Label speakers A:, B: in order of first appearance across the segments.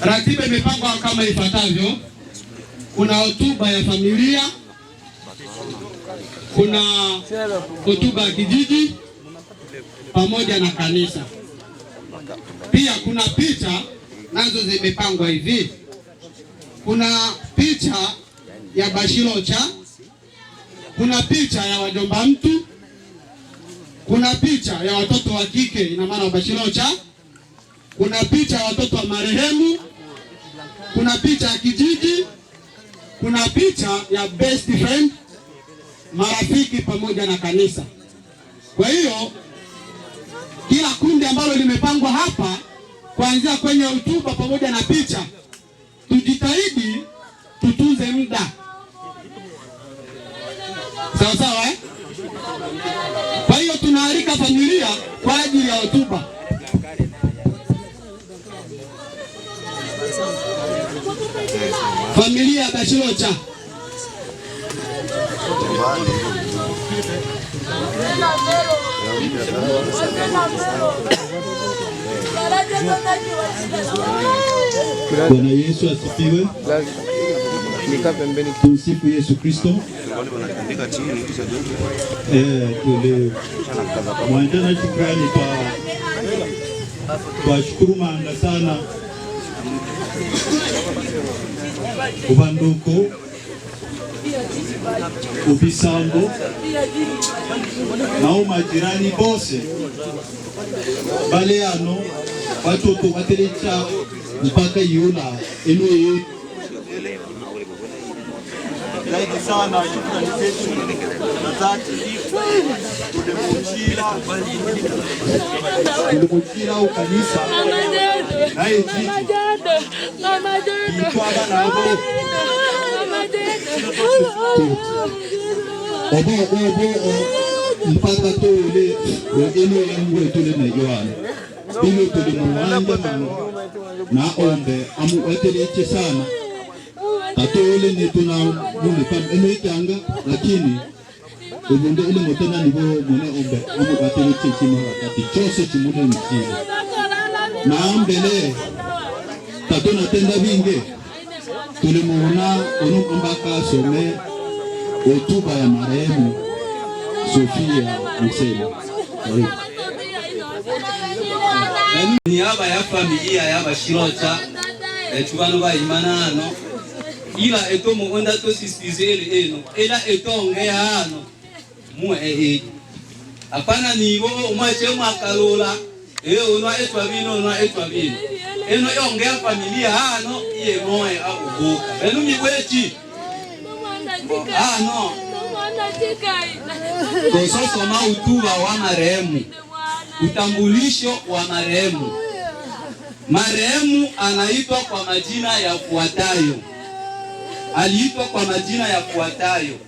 A: Ratiba imepangwa kama ifuatavyo: kuna hotuba ya familia, kuna hotuba ya kijiji pamoja na kanisa, pia kuna picha nazo zimepangwa hivi. Kuna picha ya Bashirocha, kuna picha ya wajomba mtu, kuna picha ya watoto wa kike, ina maana wa Bashirocha, kuna picha ya watoto wa marehemu kuna picha ya kijiji, kuna picha ya best friend, marafiki pamoja na kanisa. Kwa hiyo kila kundi ambalo limepangwa hapa kuanzia kwenye hotuba pamoja na picha, tujitahidi tutunze muda sawa sawa, eh? Kwa hiyo tunaalika familia kwa ajili ya hotuba. familia ya
B: Bwana Yesu asifiwe. Tumsifu Yesu Kristo. Eh, Mwanjana, shukrani kwa shukuru manga sana kuba nduuko ubisambo nao majirani bose bale ano batoto batelecha mpaka yula eno yetu zaidi sana shukrani zetu ukanisa naye dede, mama dede, mama dede. Obo obo obo mpaka tole wengine tole na Yohana tole mwanga mano na ombe sana katole ni tuna mune lakini ubunde ile motena nibo mune ombe amu kateleche chose chimune mchizo tato natenda binge tulimuona onokombaka asome hotuba ya marehemu Sofia Msela.
A: niaba ya familia ya Bashirota etu eh, bano bayimana hano ila etomuonda tosisitizele eno ela etongea hano mue etu eh, eh. apana nibo omwache mwakalola eonwa etwa bino onwa etwa bino eno yongea familia ano ah, iye moya akuvuka velumi kwechi hano ah, tososoma utuva wa marehemu utambulisho wa marehemu marehemu anaitwa kwa majina kuatayo aliitwa kwa majina kuatayo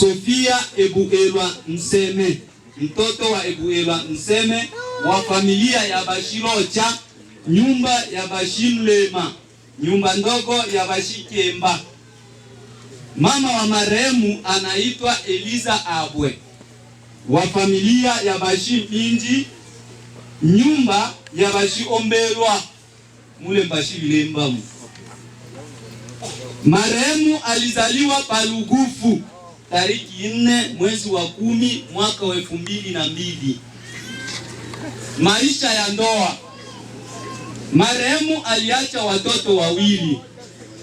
A: Sofia Ebuelwa Mseme mtoto wa Ebuelwa Mseme wa familia ya Bashilocha nyumba ya Bashimlema, nyumba ndogo ya Bashikemba. Mama wa marehemu anaitwa Eliza Abwe wa familia ya Bashi Minji, nyumba ya Bashiomberwa mule Bashilemba. Marehemu alizaliwa Palugufu tariki nne mwezi wa kumi mwaka wa elfu mbili na mbili. Maisha ya ndoa Marehemu aliacha watoto wawili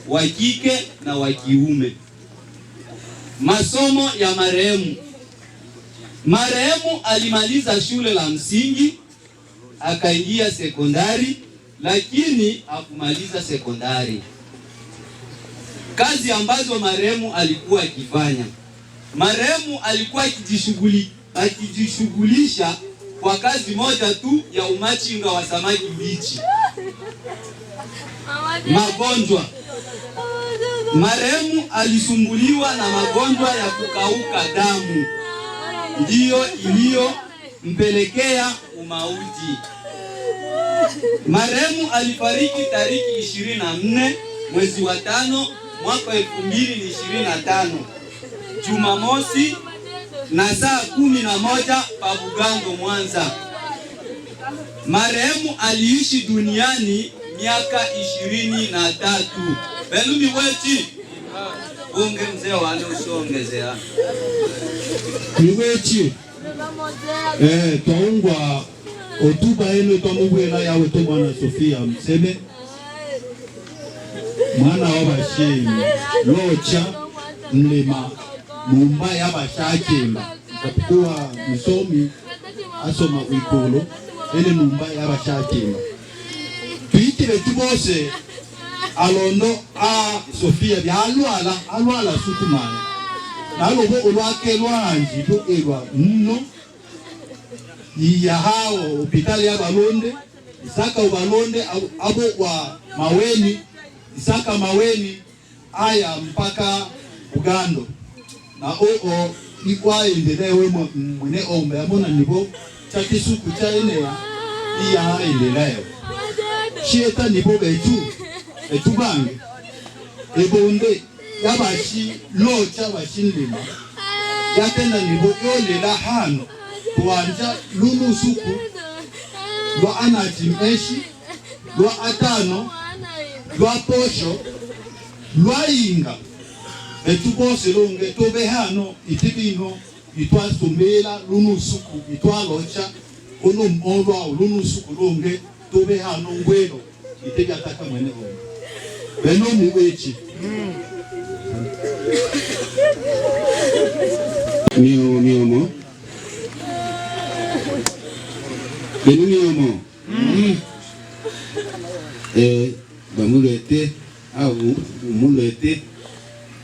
A: wa kike na wa kiume. Masomo ya marehemu. Marehemu alimaliza shule la msingi akaingia sekondari, lakini hakumaliza sekondari. Kazi ambazo marehemu alikuwa akifanya, marehemu alikuwa akijishughulisha kwa kazi moja tu ya umachinga wa samaki bichi magonjwa. Marehemu alisumbuliwa na magonjwa ya kukauka damu, ndiyo iliyompelekea umauti. Marehemu alifariki tariki 24 mwezi wa tano mwaka 2025 Jumamosi na saa kumi na moja pa Mwanza. Marehemu aliishi duniani miaka ishirini na tatu belumi weti unge mzee wale usiongezea
B: iweti eh twaungwa otuba enu twamubwela yawe to mwana Sofia mseme mwana wa bashimi locha mlema mumba ya bashakela kapukuwa msomi asoma kwikolo ele mumba ya bashakela kile tubose alondo a sofia bya alwala alwala sukumana nalobo olwake lwanji to elwa nno iya hao hopitali ya balonde isaka ubalonde abo wa maweni isaka maweni aya mpaka ugando na oo ikwaendelewe mwene ombe amona nibo chakisuku chaenea iya aendelewe 시했던 이보 매주 두방 이보인데 야바시 로자바신리마 야때나 이보 요리라 한 kuanja lulu suku lwa anajim eshi lwa atano lwa posho lwa inga etubose longe tobe hano itibino itwasomela lunu suku itwalocha olumolwa lunu suku longe tube hano ngwero itegataka mwene hono beno ni wechi niyo niyomo beno niyomo hmm. eh bamulete au umulete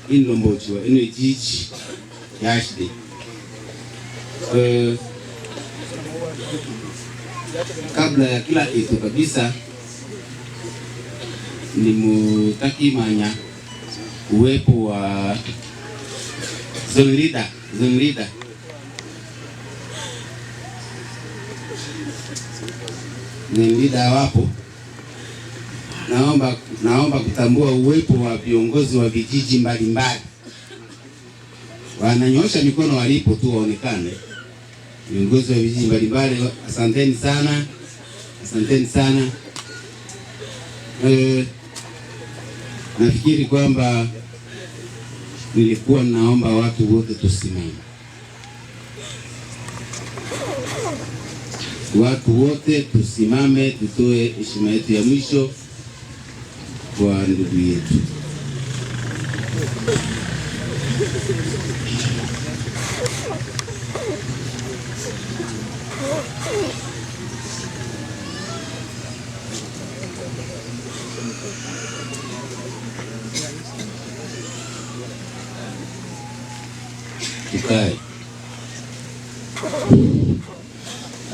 B: inlombojwa ino ijiji yashide eh Kabla ya kila kitu kabisa, mutaki manya uwepo wa zone leader, zone leader. leader wapo, naomba naomba kutambua uwepo wa viongozi wa vijiji mbalimbali, wananyosha mikono walipo tu waonekane viongozi wa vijiji mbalimbali, asanteni sana, asanteni sana. E, nafikiri kwamba nilikuwa naomba watu wote tusimame, watu wote tusimame, tutoe heshima yetu ya mwisho kwa ndugu yetu.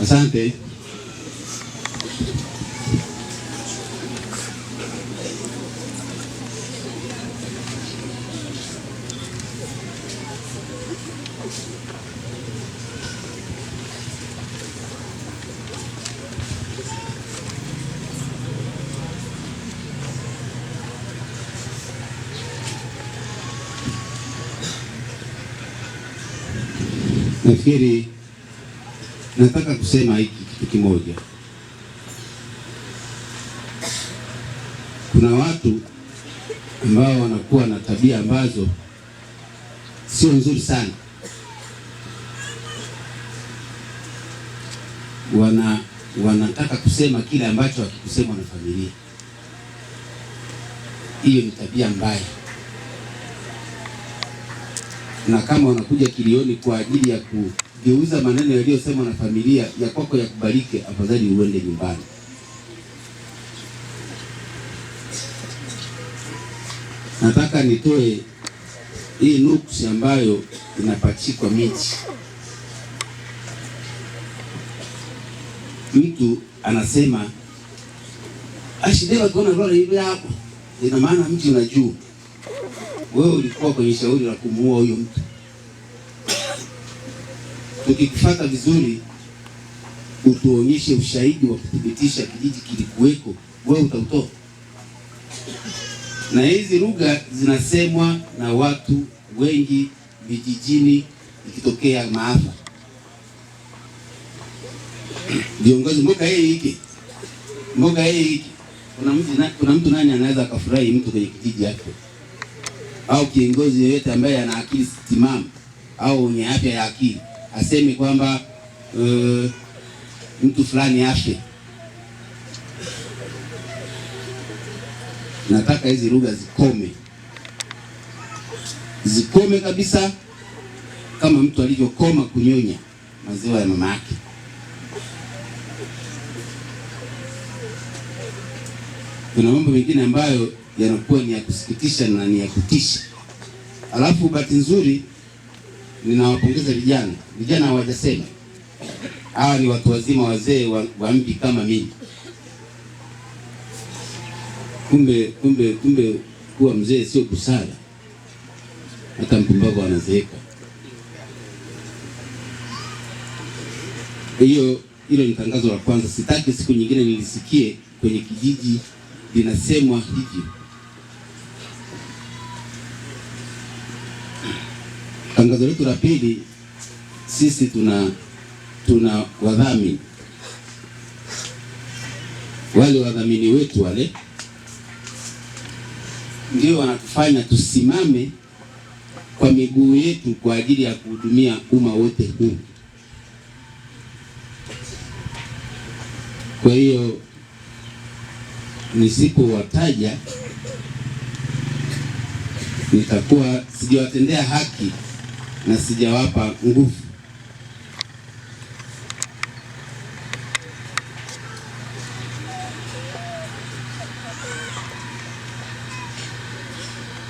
B: Asante. Nafikiri nataka kusema hiki kitu kimoja. Kuna watu ambao wanakuwa na tabia ambazo sio nzuri sana, wana wanataka kusema kile ambacho hakikusema na familia. Hiyo ni tabia mbaya na kama wanakuja kilioni kwa ajili ya kugeuza maneno yaliyosemwa na familia ya kwako yakubalike, afadhali uende nyumbani. Nataka nitoe hii nuksi ambayo inapachikwa miti. Mtu anasema ashidewa kuona roho ile hapo, ina maana mti unajua wewe ulikuwa kwenye shauri la kumuua huyo mtu. tukikufata vizuri, utuonyeshe ushahidi wa kuthibitisha kijiji kilikuweko, wewe utautoa. Na hizi lugha zinasemwa na watu wengi vijijini, ikitokea maafa viongozi mboga hii hiki mboga hii hiki, kuna mtu nani anaweza akafurahi mtu kwenye kijiji yake? au kiongozi yeyote ambaye ana akili timamu au mwenye afya ya akili aseme kwamba uh, mtu fulani afe. Nataka hizi lugha zikome, zikome kabisa, kama mtu alivyokoma kunyonya maziwa ya mama yake. Kuna mambo mengine ambayo yanakuwa ni ya kusikitisha na ni ya kutisha. Alafu bahati nzuri ninawapongeza vijana. Vijana hawajasema, hawa ni watu wazima, wazee wa, wa mji kama mimi. Kumbe kumbe kumbe kuwa mzee sio busara, hata mpumbavu anazeeka. Hiyo hilo ni tangazo la kwanza. Sitaki siku nyingine nilisikie kwenye kijiji linasemwa hivi. Tangazo letu la pili, sisi tuna tuna wadhamini wale wadhamini wetu wale ndio wanatufanya tusimame kwa miguu yetu kwa ajili ya kuhudumia umma wote huu. Kwa hiyo nisipowataja nitakuwa sijawatendea haki na sijawapa nguvu.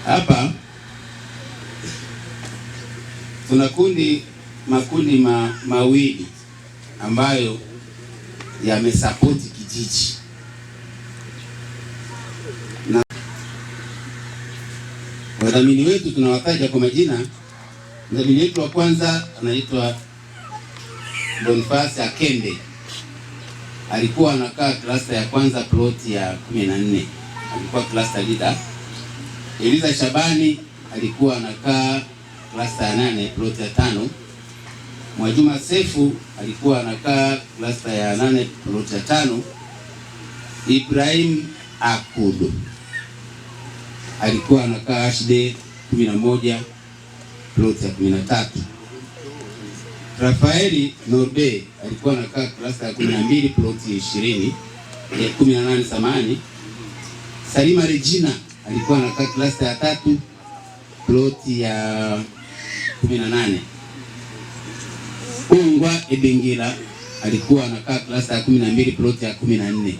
B: Hapa tuna kundi makundi ma, mawili ambayo yamesapoti kijiji na wadhamini wetu tunawataja kwa majina. Mzabini wetu wa kwanza anaitwa Bonifasi akende alikuwa anakaa klasta ya kwanza ploti ya kumi na nne, alikuwa klasta leader. Eliza Shabani alikuwa anakaa klasta ya nane ploti ya tano. Mwajuma Sefu alikuwa anakaa klasta ya nane ploti ya tano. Ibrahim Akudo alikuwa anakaa HD kumi na moja klasi ya kumi na tatu. Rafaeli Norde alikuwa anakaa klasa ya kumi na mbili ploti ishirini ya kumi na nane samani. Salima Regina alikuwa anakaa klasa ya tatu ploti ya kumi na nane. Ungwa Ebengila alikuwa anakaa klasa ya kumi na mbili ploti ya kumi na nne.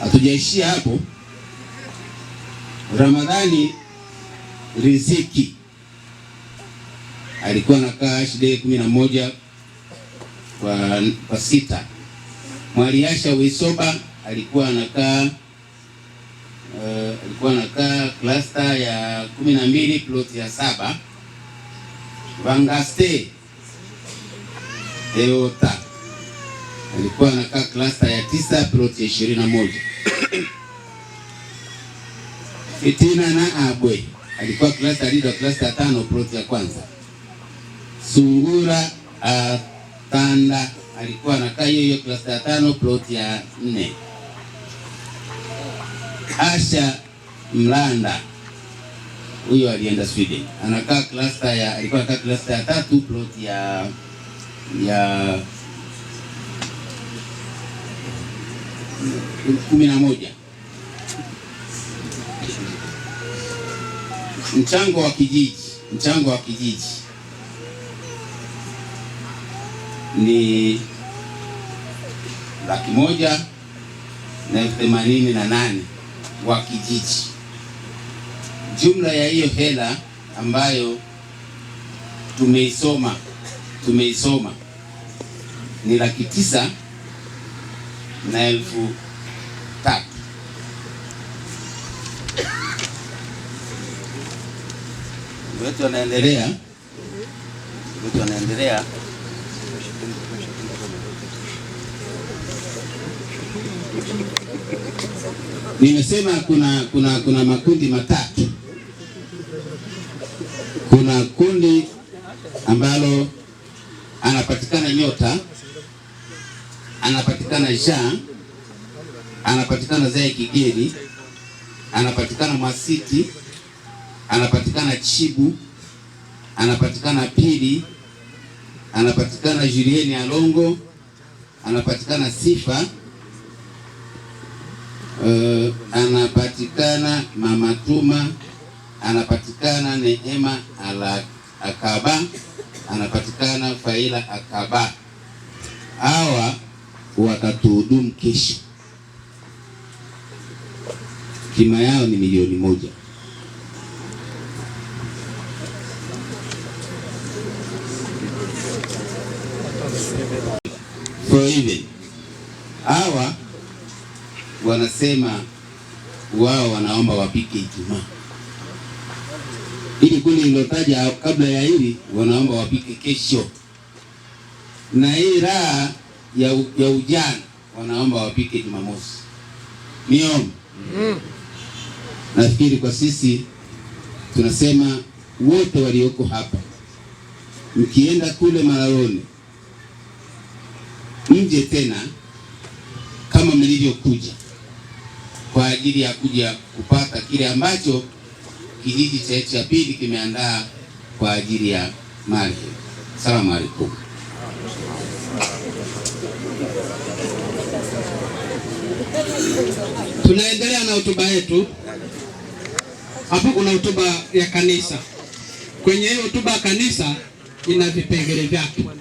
B: Hatujaishia hapo. Ramadhani riziki. Alikuwa anakaa ashide kumi na moja kwa, kwa sita. Mwaliasha Wisoba alikuwa anakaa uh, alikuwa anakaa klasta ya kumi na mbili ploti ya saba. Vangaste Eota alikuwa anakaa klasta ya tisa ploti ya ishirini na moja. Fitina na Abwe alikuwa klasa cluster klasa ya tano plot ya kwanza. Sungura Atanda ah, alikuwa anakaa hiyo hiyo ya tano plot ya nne. Asha Mlanda huyo alienda Sweden, anakaa klasa ya alikuwa anakaa klasa ya tatu plot ya ya kumi na moja. Mchango wa kijiji, mchango wa kijiji ni laki moja na elfu themanini na nane wa kijiji. Jumla ya hiyo hela ambayo tumeisoma tumeisoma ni laki tisa na elfu wetu wanaendelea wetu wanaendelea Nimesema kuna, kuna, kuna makundi matatu. Kuna kundi ambalo anapatikana nyota, anapatikana ja, anapatikana zae kigeli, anapatikana mwasiti anapatikana Chibu, anapatikana Pili, anapatikana Julieni Alongo, anapatikana Sifa, uh, anapatikana mamatuma anapatikana Neema ala Akaba, anapatikana Faila Akaba. Hawa watatuhudumu kesho, kima yao ni milioni moja. Freud. Hawa wanasema wao wanaomba wapike Ijumaa. Hili kundi lilotaja kabla ya hili wanaomba wapike kesho, na hii raha ya, ya ujana wanaomba wapike Jumamosi. Niom mm. Nafikiri kwa sisi tunasema wote walioko hapa, mkienda kule Malaloni mje tena kama mlivyokuja kwa ajili ya kuja kupata kile ambacho kijiji cha cha pili kimeandaa kwa ajili ya marehemu. Salamu alaikum.
A: Tunaendelea na hotuba yetu. Hapo kuna hotuba ya kanisa. Kwenye hiyo hotuba ya kanisa ina vipengele vyake.